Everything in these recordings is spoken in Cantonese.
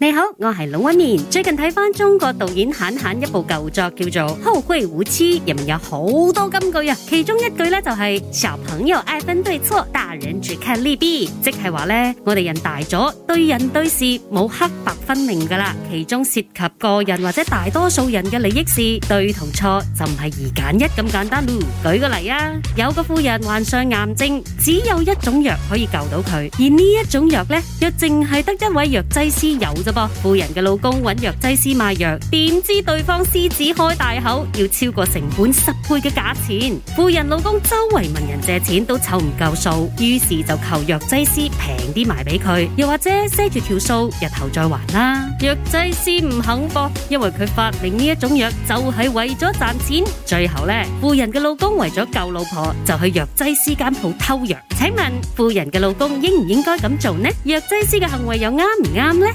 你好，我係龍紋敏。最近睇返中國導演韓寒一部舊作，叫做《後會無期》，入面有好多金句啊。其中一句呢就係、是、小朋友愛分對錯，大人住看利弊，即係話呢，我哋人大咗，對人對事冇黑白分明噶啦。其中涉及個人或者大多數人嘅利益，是對同錯就唔係二揀一咁簡單咯。舉個例啊，有個富人患上癌症，只有一種藥可以救到佢，而呢一種藥呢，若淨係得一位藥劑師有。啫噃，富人嘅老公揾藥劑師賣藥，點知對方獅子開大口，要超過成本十倍嘅價錢。富人老公周圍問人借錢都湊唔夠數，於是就求藥劑師平啲賣俾佢，又或者賒住條數，日後再還啦。藥劑師唔肯噃，因為佢發明呢一種藥就係為咗賺錢。最後呢，富人嘅老公為咗救老婆，就去藥劑師間鋪偷藥。請問富人嘅老公應唔應該咁做呢？藥劑師嘅行為又啱唔啱呢？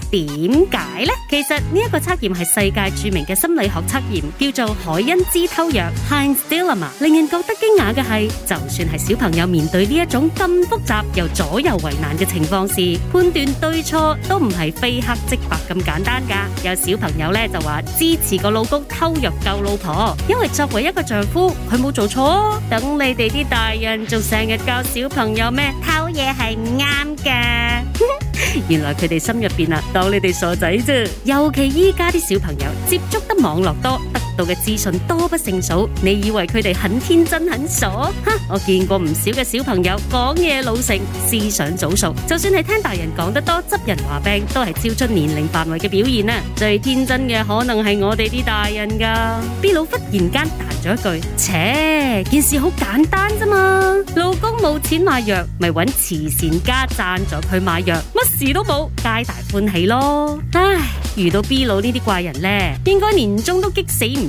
點解呢？其實呢一個測驗係世界著名嘅心理學測驗，叫做海恩之偷藥 （Hans d i l e m m a 令人覺得驚訝嘅係，就算係小朋友面對呢一種咁複雜又左右為難嘅情況時，判斷對錯都唔係非黑即白咁簡單噶。有小朋友咧就話支持個老公偷藥救老婆，因為作為一個丈夫，佢冇做錯。等你哋啲大人做成日教小朋友咩偷嘢係唔啱嘅。 原來佢哋心入便啊，當你哋傻仔啫，尤其依家啲小朋友接觸得網絡多。度嘅資訊多不勝數，你以為佢哋很天真很傻？哈！我見過唔少嘅小朋友講嘢老成，思想早熟。就算係聽大人講得多執人話柄，都係超出年齡範圍嘅表現啊！最天真嘅可能係我哋啲大人噶。B 佬忽然間彈咗一句：切，件事好簡單啫嘛！老公冇錢買藥，咪揾慈善家贊助佢買藥，乜事都冇，皆大歡喜咯！唉，遇到 B 佬呢啲怪人咧，應該年終都激死唔